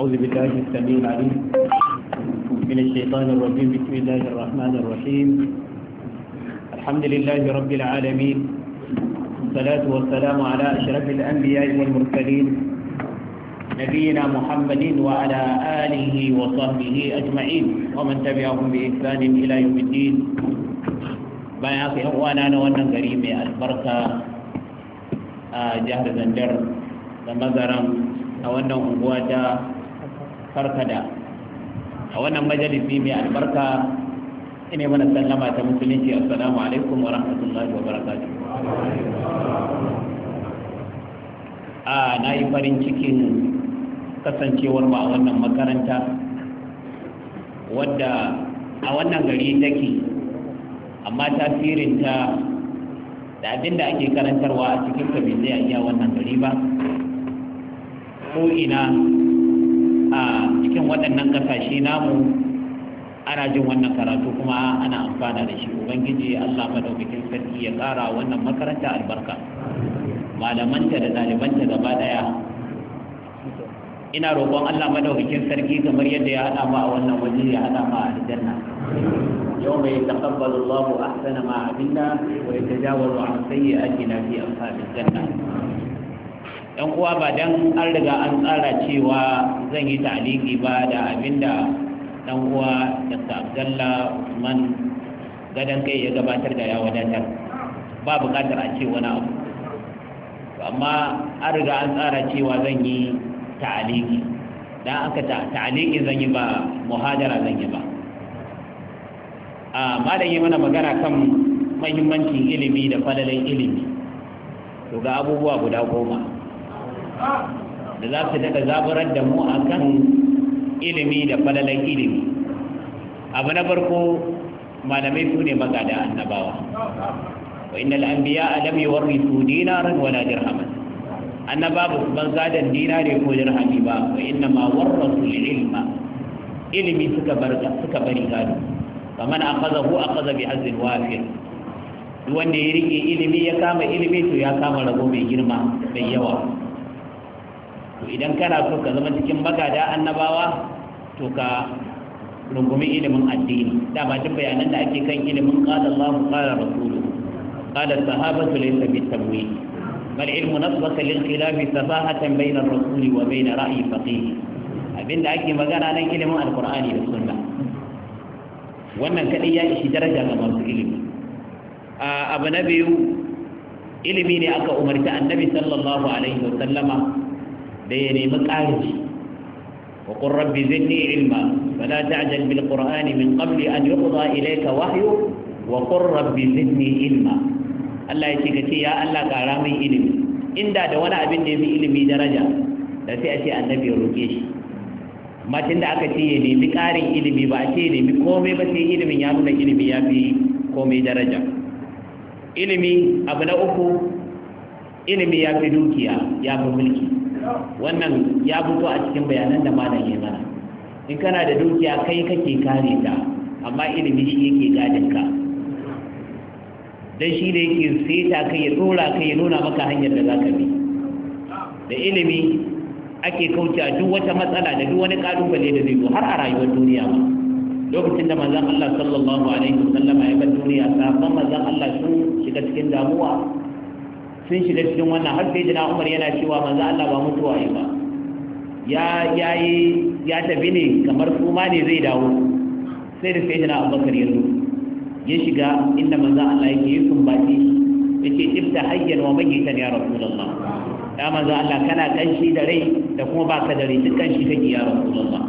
أعوذ بالله السميع العليم من الشيطان الرجيم بسم الله الرحمن الرحيم الحمد لله رب العالمين والصلاة والسلام على أشرف الأنبياء والمرسلين نبينا محمد وعلى آله وصحبه أجمعين ومن تبعهم بإحسان إلى يوم الدين bayan haka yan uwana na wannan زندر mai albarka a jihar zandar a wannan unguwa ta karkada a wannan majalisi mai albarka ina mana sallama ta musulunci assalamu alaikum wa rahmatullahi wa barakatu a na yi farin cikin kasancewar ba a wannan makaranta wadda a wannan gari take amma tasirinta da abinda da ake karantarwa a cikin kabin zai iya wannan gari ba ko ina cikin waɗannan ƙasashe namu ana jin wannan karatu kuma ana amfana da shi ubangiji allah madaukakin sarki ya ƙara wannan makaranta albarka malamanta da ɗalibanta gaba ɗaya ina roƙon allah madaukakin sarki kamar yadda ya haɗa ma a wannan waje ya haɗa ma a aljanna يوم يتقبل الله أحسن ما عملنا ويتجاوز عن سيئاتنا في أصحاب الجنة Ɗan uwa ba dan an riga an tsara cewa zan yi taliki ba da abinda ɗan uwa da Abdalla Usman gadan kai ya gabatar da ya wadatar ba buƙatar a ce wani abu amma an riga an tsara cewa zan yi taliki dan aka taliki zan yi ba muhadara zan yi ba a ah, malami mana magana kan mahimmancin ilimi da falalin ilimi to ga abubuwa guda goma da za su daga zaburar da mu a kan ilimi da falalan ilimi abu na farko malamai su ne magada annabawa wa inna al'ambiya alam yi warri su dinaran wala dirhaman annaba ban su dina dinare ko dirhami ba wa inna ma warrasu ilma ilimi suka bari gado a kaza ko a kaza bi hazin wafin duk wanda ya rike ilimi ya kama ilimi to ya kama rago mai girma mai yawa to idan kana so ka zama cikin magada annabawa to ka rungumi ilimin addini dama duk bayanan da ake kan ilimin qala Allah qala rasulu qala sahabatu laysa bitamwi bal ilmu nasbaka lil khilaf safahatan bayna ar-rasuli wa bayna ra'yi faqih abinda ake magana nan ilimin alqur'ani da sunna wannan kadai ya ishi daraja ga masu ilimi abu na biyu ilimi ne aka umarta annabi sallallahu alaihi wa sallama. da ya nemi ƙarin wa qur rabbi zidni ilma fala ta'jal bil qur'ani min qabli an yuqda ilayka wahyu wa qur rabbi zidni ilma Allah ya ce ka ce ya Allah ƙara min ilimi inda da wani abin da ya fi ilimi daraja da sai a ce annabi ya roƙe shi matin da aka ce ya nemi ƙarin ilimi ba a ce ya nemi komai ba sai ilimin ya nuna ilimi ya fi komai daraja ilimi abu na uku ilimi ya fi dukiya ya fi mulki wannan ya fito a cikin bayanan da malam ya mana in kana da dukiya kai kake kare ta amma ilimi shi yake gadin ka dan shi da yake seta kai ya tsora kai ya nuna maka hanyar da zaka bi da ilimi ake kauce duk wata matsala da duk wani kalubale da zai zo har a rayuwar duniya ba lokacin da manzon Allah sallallahu alaihi wasallam ya bar duniya safan manzon Allah sun shiga cikin damuwa sun shiga cikin wannan har sai jina umar yana cewa manzo Allah ba mutuwa yi ba ya yayi ya tafi ne kamar kuma ne zai dawo sai da sai sayyidina Abubakar ya zo ya shiga inda manzo Allah yake yi sun sumbaci yake ibta hayyan wa magitan ya rasulullah ya manzo Allah kana kanshi da rai da kuma ba ka da rai duk kanshi kake ya rasulullah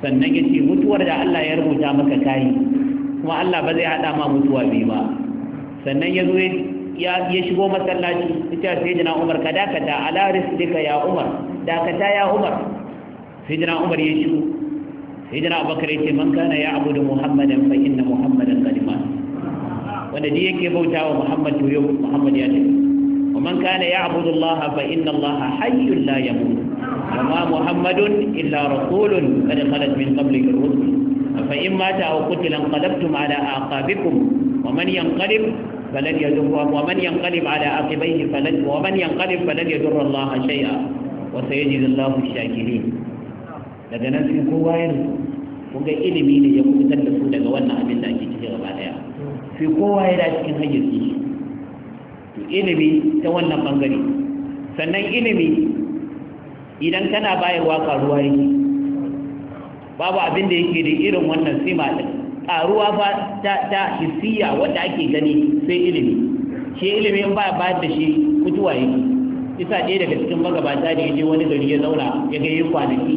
sannan yace mutuwar da Allah ya rubuta maka kai kuma Allah ba zai hada ma mutuwa biyu ba sannan ya zo ya shigo masallaci ita sai jina umar ka dakata ala risdika ya umar dakata ya umar sai jina umar ya shigo sai jina abakar yake man kana ya abudu muhammadan fa inna muhammadan qadiman wanda ji yake bauta wa muhammad to muhammad ya ce wa man kana ya abudu allaha fa inna allaha hayyun la yamut wa muhammadun illa rasulun kada kalas min qablihi ar-rusul fa in mata aw qutila anqalabtum ala aqabikum wa man yanqalib falan yadur wa man yanqalib ala aqibayhi falan wa man yanqalib falan yadur Allah shay'a wa daga nan sai kowa ya ilimi ne ya kubutar da su daga wannan abin da ake ciki gaba daya sai kowa ya da cikin hayyaci to ilimi ta wannan bangare sannan ilimi idan kana bayarwa karuwa yake babu abin da yake da irin wannan sima din karuwa fa ta ta hissiya wanda ake gani sai ilimi shi ilimi in ba ba da shi mutuwa yake isa ɗaya daga cikin magabata da yaje wani gari ya zauna ya ga yin kwanaki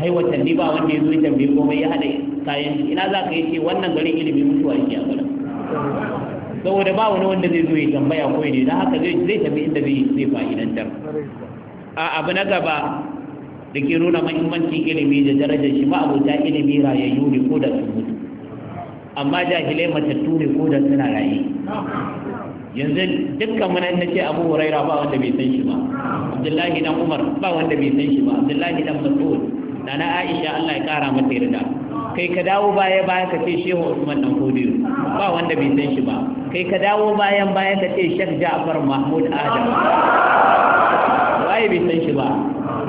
hai watanni ba wanda ya zo ya tambaye komai ya hada kayan ina za ka yi ce wannan garin ilimi mutuwa yake a garin saboda ba wani wanda zai zo ya tambaya ko ne don haka zai zai tafi inda zai zai fa'idantar a abu na gaba da ke nuna mahimmancin ilimi da darajar shi abota ilimi rayayyu ne ko da su mutu amma jahilai matattu ne ko da suna raye yanzu dukkan mana na ce abu huraira ba wanda bai san shi ba abdullahi dan umar ba wanda bai san shi ba abdullahi dan mas'ud na aisha Allah ya kara mata yarda kai ka dawo baya baya ka ce shehu usman dan kodiyo ba wanda bai san shi ba kai ka dawo bayan baya ka ce shek ja'far mahmud adam waye bai san shi ba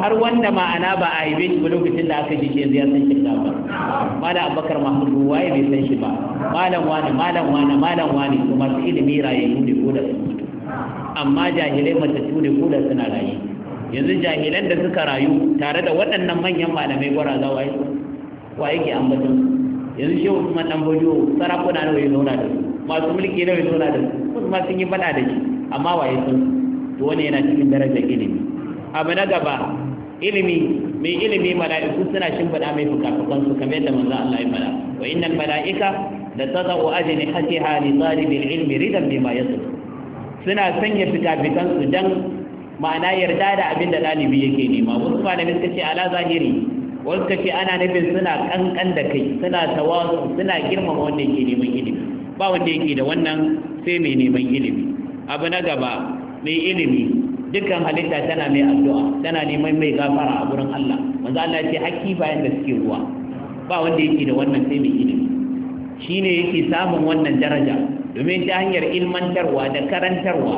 har wanda ma'ana ba a haife shi ba lokacin da aka jike yanzu ya san shi ba malam abubakar Mahmudu, waye bai san shi ba malam wani malam wani malam wani Kuma masu ilimi rayayyu ne ko da su amma jahilai su ne ko da suna rayu yanzu jahilan da suka rayu tare da waɗannan manyan malamai gwaraza waye waye ke ambaton yanzu shehu usman dan bojo sarakuna nawa ya zauna da su masu mulki nawa ya zauna da su kuma sun yi faɗa da shi amma waye sun to wani yana cikin darajar ilimi abu na gaba ilimi mai ilimi mala'iku suna shimfiɗa mai fukafukan su kamar yadda manzo Allah ya fara wa innal mala'ika la tadau ajni hatiha li talibil ilmi ridan bima suna sanya fikafikan su dan ma'ana yarda da abin da dalibi yake nema wasu malamin suka ce ala zahiri wasu suka ana nufin suna kankan da kai suna tawazu suna girmama wanda yake neman ilimi ba wanda yake da wannan sai mai neman ilimi abu na gaba mai ilimi dukkan halitta tana mai addu'a tana neman mai gafara a gurin Allah manzo Allah ce hakki bayan da suke ruwa ba wanda yake da wannan sai mai ilimi shine yake samun wannan daraja domin ta hanyar ilmantarwa da karantarwa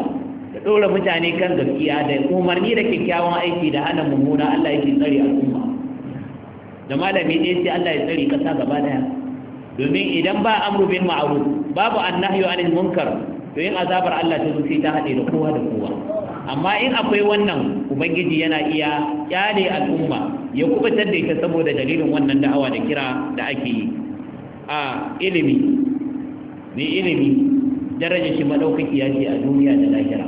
da dora mutane kan gaskiya da umarni da kyakkyawan aiki da hana mummuna Allah yake tsare al'umma da malami ne sai Allah ya tsare kasa gaba daya domin idan ba amru bil ma'ruf babu annahyu anil munkar to yin azabar Allah ta zuci ta hade da kowa da kowa amma in akwai wannan ubangiji yana iya kyale al'umma ya kubutar da ita saboda dalilin wannan da'awa da kira da ake yi a ilimi mai ilimi daraja shi madaukaki ya ce a duniya da lahira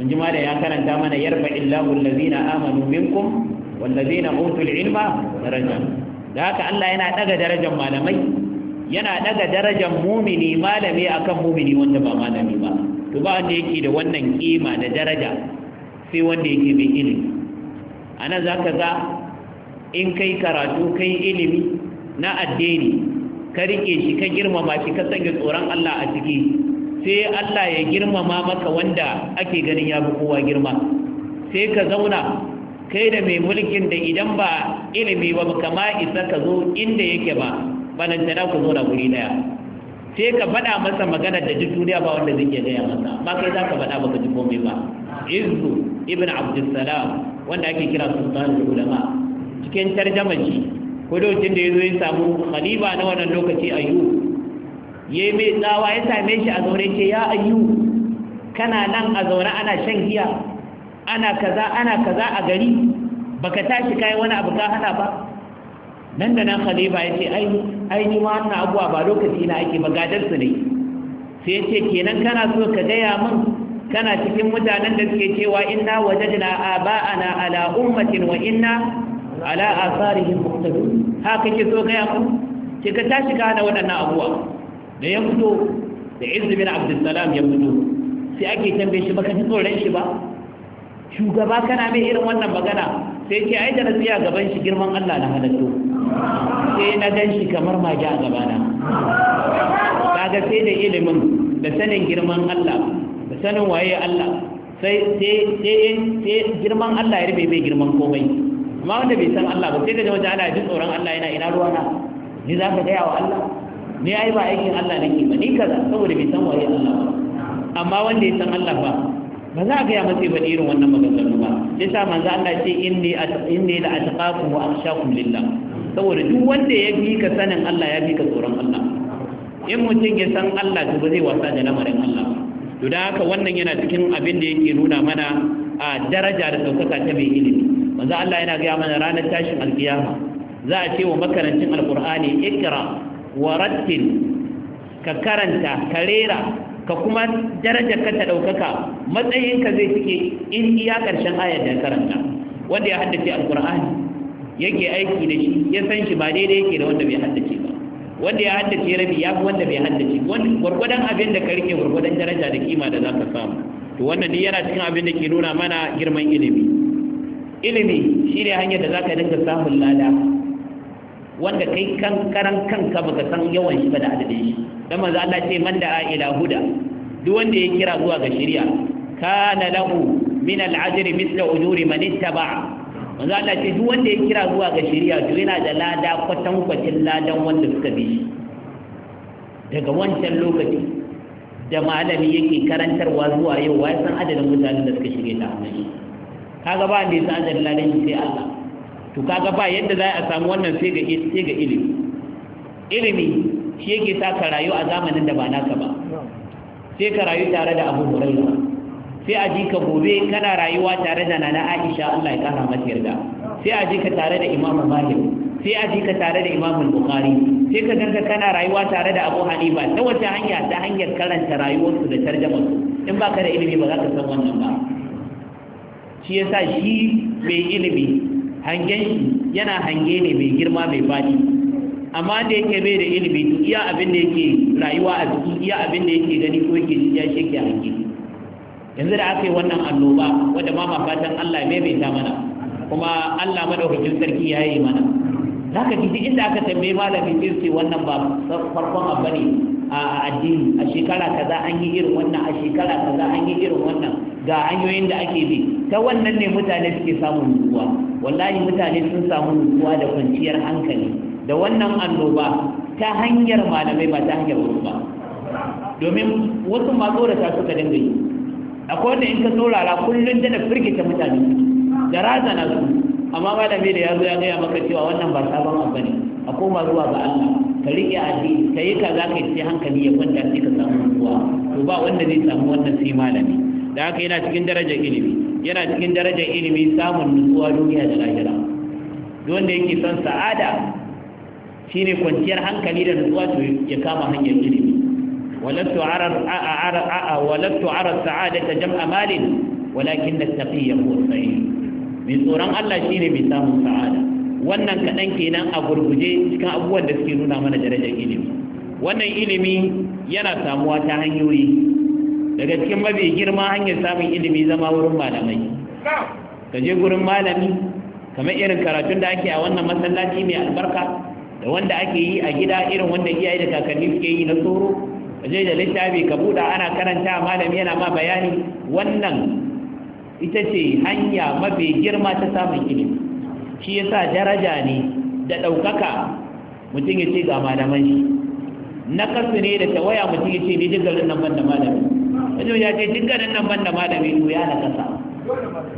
mun ji da ya karanta mana yarba illahu allazina amanu minkum wallazina utul ilma daraja da haka Allah yana daga darajar malamai yana daga darajar mumini malami akan mumini wanda ba malami ba to ba wanda yake da wannan kima da daraja sai wanda yake mai ilimi a nan za ka ga in kai karatu kai ilimi na addini ka riƙe shi ka girmama shi ka sanya tsoron Allah a ciki sai Allah ya girmama maka wanda ake ganin ya fi kowa girma sai ka zauna kai da mai mulkin da idan ba ilimi ba kama isa ka zo inda yake ba balantana ku zo na guri daya sai ka faɗa masa magana da duk duniya ba wanda zai iya gaya masa ba kai za ka faɗa ba ka ji komai ba izu ibn abdussalam wanda ake kira sultanul ulama cikin tarjama shi ko lokacin da yazo ya samu khalifa na wannan lokaci ayu yayi mai tsawa ya same shi a zaure ce ya ayu kana nan a zaure ana shan giya ana kaza ana kaza a gari baka tashi kai wani abu ka hana ba nan da nan khalifa ya ce ai ni ma wannan abuwa ba lokaci na ake magadarsu ne sai ya ce kenan kana so ka gaya min kana cikin mutanen da suke cewa inna wajadna aba'ana ala ummatin wa inna ala asarihim muqtadun haka ke so gaya min ki ka tashi ka hana abuwa da ya fito da izzu bin abdussalam ya fito sai ake tambaye shi baka ji tsoron shi ba shugaba kana mai irin wannan magana sai ce ai da nasiya gaban shi girman Allah na halatto sai na gan shi kamar mage a gabana kaga sai da ilimin da sanin girman Allah da sanin waye Allah sai girman Allah ya rufe bai girman komai amma wanda bai san Allah ba sai da wajen ana jin tsoron Allah yana ina ruwa na ni za ka gaya wa Allah ni ai ba aikin Allah nake ba ni kaza saboda bai san waye Allah ba amma wanda ya san Allah ba ba za a gaya masa ba irin wannan maganganu ba sai sa manzo Allah ce inni inni la ataqakum wa akhshakum lillah saboda duk wanda ya fi ka sanin Allah ya fi ka tsoron Allah in mutum ya san Allah to ba zai wasa da lamarin Allah to da haka wannan yana cikin abin da yake nuna mana a daraja da ɗaukaka ta mai ilimi manzo Allah yana gaya mana ranar tashin alkiyama za a ce wa makarantin alqur'ani ikra wa rattil ka karanta ka rera ka kuma daraja ka ta ɗaukaka matsayinka zai cike in iya ƙarshen ayar da karanta wanda ya haddace alqur'ani yake aiki da shi ya san shi ba daidai yake da wanda bai haddace ba wanda ya haddace rabi ya fi wanda bai haddace gwargwadon abin da ka rike gwargwadon daraja da kima da za ka samu to wannan duk yana cikin abin da ke nuna mana girman ilimi ilimi shi ne hanyar da za ka dinga samun lada wanda kai kan karan kanka baka san yawan shi ba da adadin shi dan manzo Allah ce man da'a ila huda duk wanda ya kira zuwa ga shari'a kana lahu min al-ajri mithla ujuri man ittaba manzo Allah ce duk wanda ya kira zuwa ga shari'a to yana da lada kwatan kwatin ladan wanda suka bi shi daga wancan lokaci da malami yake karantarwa zuwa yau wai san adadin mutanen da suka shige ta annabi kaga ba ne san adadin ladan sai Allah to kaga ba yadda za a samu wannan sai ga sai ga ilimi ilimi shi yake sa ka rayu a zamanin da ba naka ba sai ka rayu tare da Abu Hurairah sai a ji ka gobe kana rayuwa tare da nana aisha Allah ya kara mata yarda sai a ji ka tare da imamu malik sai a ji ka tare da imamu bukhari sai ka ganka kana rayuwa tare da abu hanifa ta wata hanya ta hanyar karanta rayuwarsu da tarjamar in ba ka da ilimi ba za ka san wannan ba shi yasa shi mai ilimi hangen shi yana hange ne mai girma mai fadi amma da yake bai da ilimi to iya abin da yake rayuwa a ciki iya abin da yake gani ko yake ji ya shi yake hange yanzu da aka yi wannan annoba wadda ma mafatan Allah maimaita mana kuma Allah madaukakin sarki ya yi mana za ka ji inda aka tambaye malami sai su wannan ba farkon abu ne a addini a shekara kaza an yi irin wannan a shekara kaza an yi irin wannan ga hanyoyin da ake bi ta wannan ne mutane suke samun nutsuwa wallahi mutane sun samu nutsuwa da kwanciyar hankali da wannan annoba ta hanyar malamai ba ta hanyar wasu ba domin wasu ma tsorata suka dinga yi akwai wanda in ka saurara kullum da firgita mutane da na su amma malami da ya zo ya gaya maka cewa wannan ba sabon abu ne a koma zuwa ga Allah ka riƙe addini ka yi kaza ka yi hankali ya kwanta sai ka samu ruwa to ba wanda zai samu wannan sai malami da haka yana cikin darajar ilimi yana cikin darajar ilimi samun nutsuwa duniya da lahira duk wanda yake son sa'ada shine kwanciyar hankali da nutsuwa to ya kama hanyar ilimi ولست أرى أرى ولست أرى السعادة جمع مال ولكن التقي هو السعيد من tsoron Allah shine mai samun sa'ada wannan kaɗan kenan a gurguje cikin abubuwan da suke nuna mana darajar ilimi wannan ilimi yana samuwa ta hanyoyi daga cikin mafi girma hanyar samun ilimi zama wurin malamai ka je gurin malami kamar irin karatun da ake a wannan masallaci mai albarka da wanda ake yi a gida irin wanda iyaye da kakanni suke yi na tsoro je da littafi ka buɗa ana karanta malami yana ma bayani wannan ita ce hanya mafi girma ta samun ilimi shi yasa daraja ne da ɗaukaka mutum ya ce ga malaman shi na kasu ne da tawaya mutum ya ce ne duk nan ban da malami wajen ya ce duk nan ban da malami to ya na kasa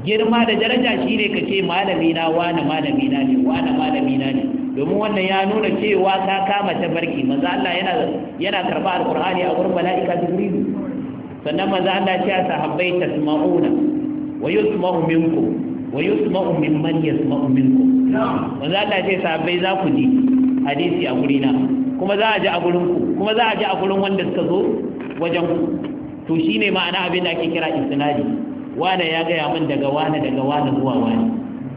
girma da daraja shine ka ce malami na wani malami na ne wani malami na ne domin wannan ya nuna cewa ka kama ta barki. Maza Allah yana yana karba alqur'ani a gurin malaika jibril sannan maza Allah ya ce sahabbai tasma'una wa yusma'u minkum wa yusma'u mimman yasma'u minkum Maza Allah ya ce sahabbai za ku ji hadisi a gurina kuma za a ji a gurin ku kuma za a ji a gurin wanda suka zo wajen ku to shine ma'ana abin da ake kira istinadi wane ya gaya min daga wane daga wane zuwa wane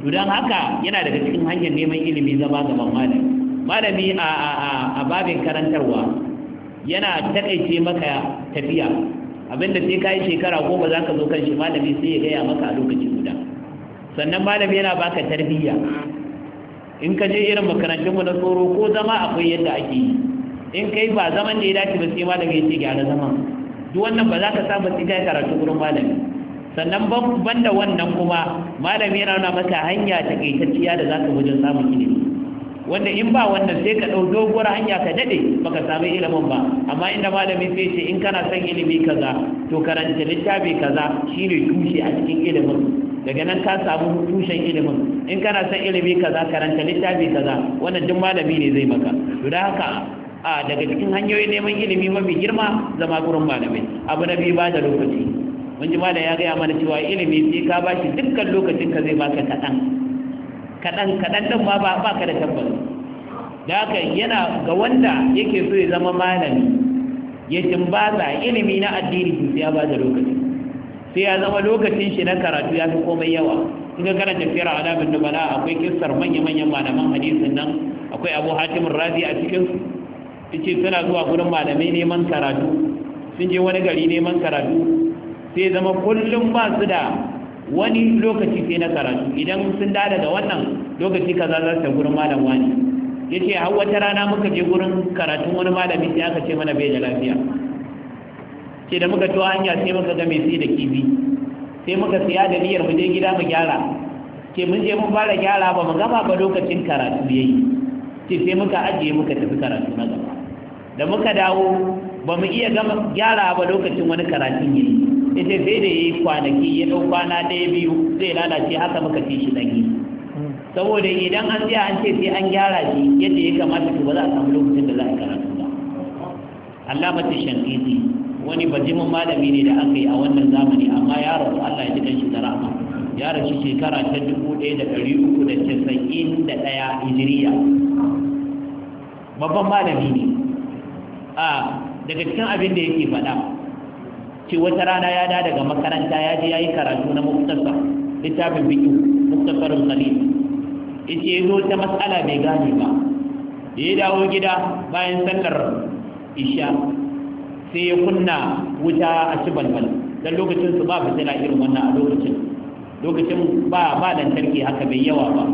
to dan haka yana daga cikin hanyar neman ilimi zama gaban malami malami a a a a babin karantarwa yana taƙaice maka tafiya abinda sai ka yi shekara ba za ka zo kan shi malami sai ya gaya maka a lokaci guda sannan malami yana baka tarbiyya in ka je irin makarantunmu na tsoro ko zama akwai yadda ake yi in kai ba zaman da ya dace ba sai malami ya ce gyara zaman duk wannan ba za ka samu sai kai karatu gurin malami sannan ban da wannan kuma malami yana nuna maka hanya ta kaitacciya da za ka wajen samun ilimi wanda in ba wannan sai ka ɗau doguwar hanya ka daɗe baka samu ilimin ba amma inda malami sai ce in kana son ilimi kaza to karanta littafi kaza shine tushe a cikin ilimin daga nan ka samu tushen ilimin in kana son ilimi kaza karanta littafi kaza wannan duk malami ne zai maka to da haka a daga cikin hanyoyin neman ilimi mafi girma zama gurin malamai abu na biyu ba da lokaci mun ji malam ya gaya mana cewa ilimi sai ka bashi dukkan lokacin ka zai baka kaɗan kaɗan kaɗan ɗin ma ba ka da tabbas da haka yana ga wanda yake so ya zama malami ya jimbaza ilimi na addini sai ya da lokaci sai ya zama lokacin shi na karatu ya fi komai yawa in ka karanta fira ala bin dubala akwai kistar manya-manyan malaman hadisin nan akwai abu hatimin razi a cikin su ce suna zuwa gurin malamai neman karatu sun je wani gari neman karatu sai zama kullum ba su da wani lokaci sai na karatu idan sun da daga wannan lokaci ka za su gurin malam wani ya ce hau wata rana muka je gurin karatun wani malami sai aka ce mana bai da lafiya ce da muka tuwa hanya sai muka game sai da kibi sai muka siya da niyyar mu je gida mu gyara ke mun je mun fara gyara ba mu gama ba lokacin karatu yi ce sai muka ajiye muka tafi karatu na gaba da muka dawo ba mu iya gama gyara ba lokacin wani karatun ya yi. yace sai da yi kwanaki ya dau kwana ɗaya biyu zai lalace haka muka ce shi dangi saboda idan an tsaya an ce sai an gyara shi yadda ya kamata to ba za a samu lokacin da za a karatu ba Allah mace shankiti wani bajimin malami ne da aka yi a wannan zamani amma ya rasu Allah ya ji shi da rahama ya rasu shekara ta dubu ɗaya da ɗari uku da casa'in da ɗaya hijiriya babban malami ne a ah, daga cikin abin da yake faɗa ce wata rana ya da daga makaranta ya je ya yi karatu na muktasa littafin fiƙi muktasarin khalil yace ya zo ta matsala bai gane ba da ya dawo gida bayan sallar isha sai ya kunna wuta a ci balbal don lokacin su ba fitila irin wannan a lokacin lokacin ba ba lantarki haka bai yawa ba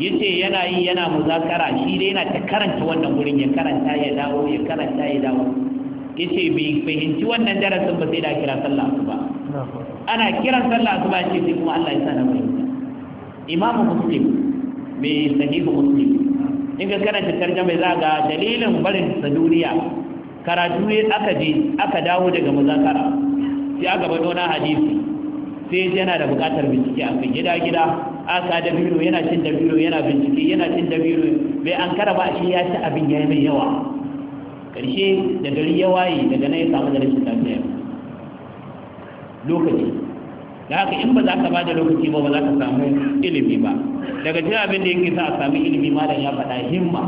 Ya ce yana yi yana muzakara shi dai yana ta karanta wannan wurin ya karanta ya dawo ya karanta ya dawo yace bai fahimci wannan darasin ba sai da kira sallah asuba ana kiran sallah asuba ce sai kuma Allah ya sa na fahimta imam muslim mai sahihu muslim in ka karanta tarjuma za ga dalilin barin sa duniya karatu ne aka je aka dawo daga muzakara sai aka bado na hadisi sai yana da bukatar bincike a kan gida gida aka biro yana cin dabiro yana bincike yana cin dabiro bai an kara ba shi ya ci abin ya yi mai yawa ƙarshe da gari ya waye daga na ya samu da rashin lafiya lokaci da haka in ba za ka ba da lokaci ba ba za ka samu ilimi ba daga cikin abin da yake sa a samu ilimi malam ya faɗa himma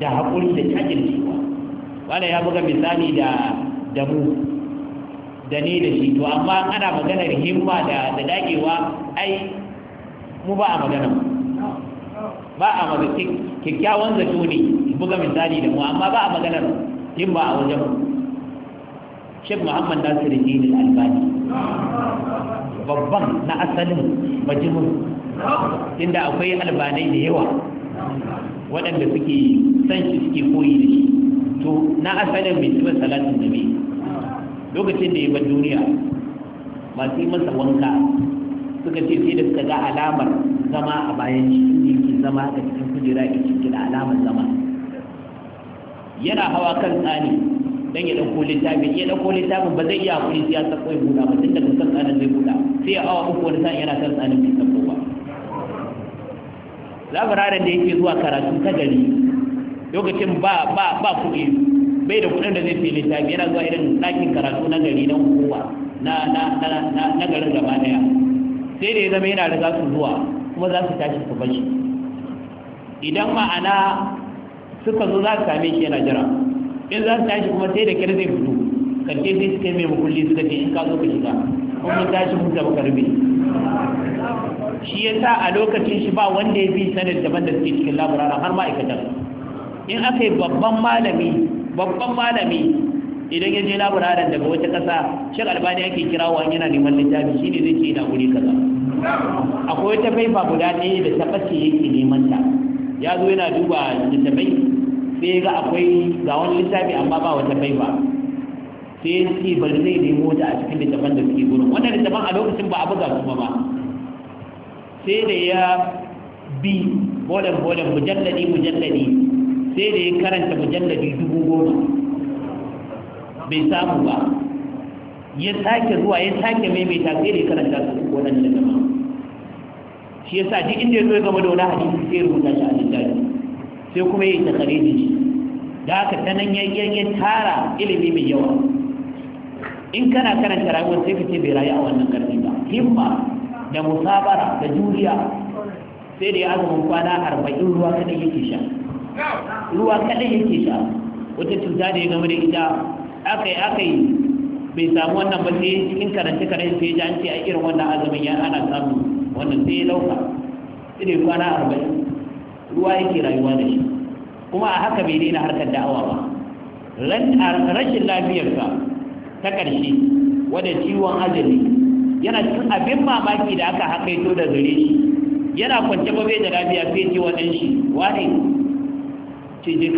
da haƙuri da jajircewa wanda ya buga misali da da mu da ni da shi to amma ana maganar himma da da dagewa ai mu ba a magana ba a magana kyakkyawan zato ne buga misali da mu amma ba a maganar yin ba a wajen Sheikh Muhammad Nasiru Dini Al-Albani babban na asalin majimun inda akwai albanai da yawa waɗanda suke san shi suke koyi da shi to na asalin mai tuba salatin da mai, lokacin da ya ba duniya masu yi masa wanka suka ce sai da suka ga alamar zama a bayan shi ke zama a cikin kujera ke cikin alamar zama yana hawa kan tsani dan ya dauko littafin ya dauko littafin ba zai iya hakuri sai ya sako ya buɗa ba tun daga kan tsanin zai buɗa sai ya awa uku wani sa'in yana kan tsanin bai sako ba labararin da yake zuwa karatu ta gari lokacin ba ba ba kuɗi bai da kuɗin da zai fi littafi yana zuwa irin ɗakin karatu na gari na kowa na na na na garin gaba ɗaya sai da ya zama yana da za su zuwa kuma za su tashi su bashi idan ma'ana suka zo za su same shi yana jira in za su tashi kuma sai da kyar zai fito karke sai suka yi mai mukulli suka ce in ka zo ka shiga kuma mun tashi mun zama karbe shi ya sa a lokacin shi ba wanda ya bi sanar daban da suke cikin laburara har ma'aikatar in aka yi babban malami babban malami idan ya je laburaran daga wata ƙasa shek albani ake kira wa yana neman littafi shi ne zai ce yana wuri kaza akwai wata faifa guda ɗaya da ta ɓace yake neman ta ya zo yana duba littafai sai ga akwai ga wani lissafi amma ba wata bai ba sai ya ce bari zai nemo ta a cikin littafan da suke gurin wannan littafan a lokacin ba a buga kuma ba sai da ya bi bolan bolan mujalladi mujalladi sai da ya karanta mujalladi dubu goma bai samu ba ya sake zuwa ya sake maimaita sai da ya karanta su wannan littafan shi yasa duk inda ya zo ya gama da wani hadisi sai rubuta shi a littafi sai kuma ya yi da shi da aka sanan yayyen tara ilimi mai yawa in kana karanta rayuwar sai ka ce bai rayu a wannan karni ba himma da musabara da juriya sai da ya azumin kwana arba'in ruwa kaɗai yake sha ruwa kaɗai yake sha wata cuta da ya gama da ita aka yi aka yi bai samu wannan ba sai cikin karanta karanta sai an ce a irin wannan azumin ya ana samu wannan sai ya lauka sai da kwana arba'in ruwa yake rayuwa da shi kuma a haka bai daina harkar da'awa ba rashin lafiyarsa ta ƙarshe wadda ciwon ajali yana cikin abin mamaki da aka hakaito da zure shi yana kwance ba bai da lafiya sai ce wa ɗan shi wane ce je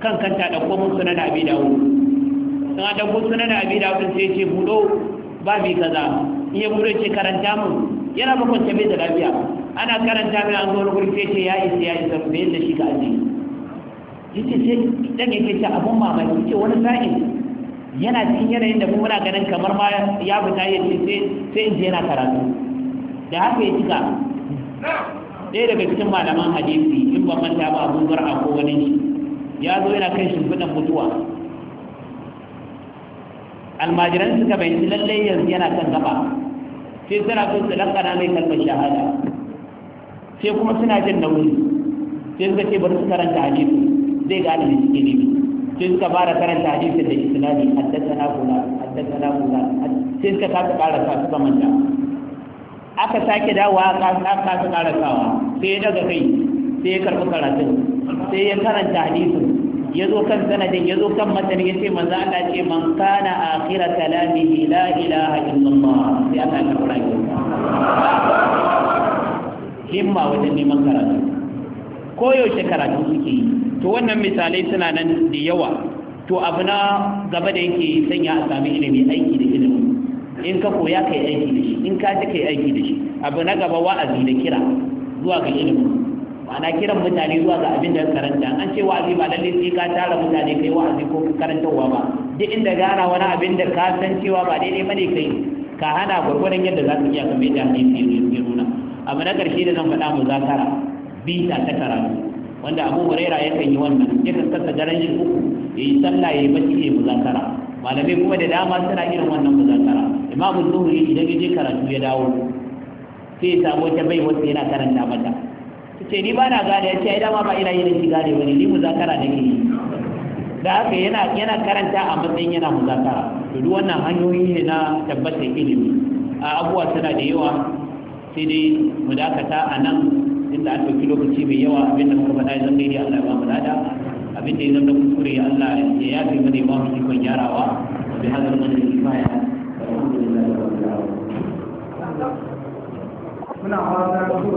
kan kanta da komun suna da abidawo sun a ɗauko suna da abidawo sun sai ce buɗo ba bi kaza iya buɗe ce karanta mun yana ba kwance bai da lafiya ana karanta min an zo wani gurfe ce ya isa ya isa bai da shi ka ajiye yace sai dan yake ta abun mamaki yace wani sa'i yana cikin yanayin da muna ganin kamar ma ya fita ce sai sai je yana karatu da haka ya cika ɗaya daga cikin malaman hadisi in ban manta ba abu a ko wani ne ya zo yana kan shimfiɗan mutuwa almajiran suka bayyanci lallai yanzu yana kan gaba sai suna so su lankana mai kalmar shahada sai kuma suna jin nauyi sai suka ce bari su karanta hadisi zai gane da cikin nemi sai suka fara karanta hadisin da isnadi haddathana kula haddathana kula sai suka saka karasa suka manta aka sake dawowa aka saka karasawa sai ya daga kai sai ya karɓi karatun sai ya karanta hadisin ya zo kan sanadin ya zo kan matan ya ce manzo Allah ce man kana akhira kalamihi la ilaha illallah sai aka ya karɓi rayuwa himma wajen neman karatu koyaushe karatu suke yi to wannan misalai suna nan da yawa to abu na gaba da yake sanya a sami ilimi aiki da ilimi in ka koya kai aiki da shi in ka ji kai aiki da shi abu na gaba wa'azi da kira zuwa ga ilimi ma'ana kiran mutane zuwa ga abin da karanta an ce wa'azi ba lalle sai ka tara mutane kai wa'azi ko karantarwa ba duk inda gana wani abin da ka san cewa ba daidai bane kai ka hana gwargwadon yadda za ka iya kamar yadda hadisi ya nuna abu na ƙarshe da zan faɗa mu zakara bita ta karatu wanda abu huraira yakan yi wannan yakan kasa daren shi uku ya yi sallah ya yi bacci ya yi muzakara malamai kuma da dama suna irin wannan muzakara imamu zuhuri idan ya je karatu ya dawo sai ya samu wata bai wasu yana karanta mata ta ce ni ba na gane ya ce ai dama ba ina yin shi gane wani ni muzakara da ke yi da haka yana yana karanta a matsayin yana muzakara to duk wannan hanyoyi ne na tabbatar ilimi a abubuwa suna da yawa sai dai mu dakata a nan inda an ɗauki lokaci mai yawa abin da kuma faɗa zan daidai Allah ya ba mu lada abin da ya zama kuskure Allah ya yafe mana ya ba mu ikon gyarawa wa bi hadar mana da kifaya alhamdulillah muna fatan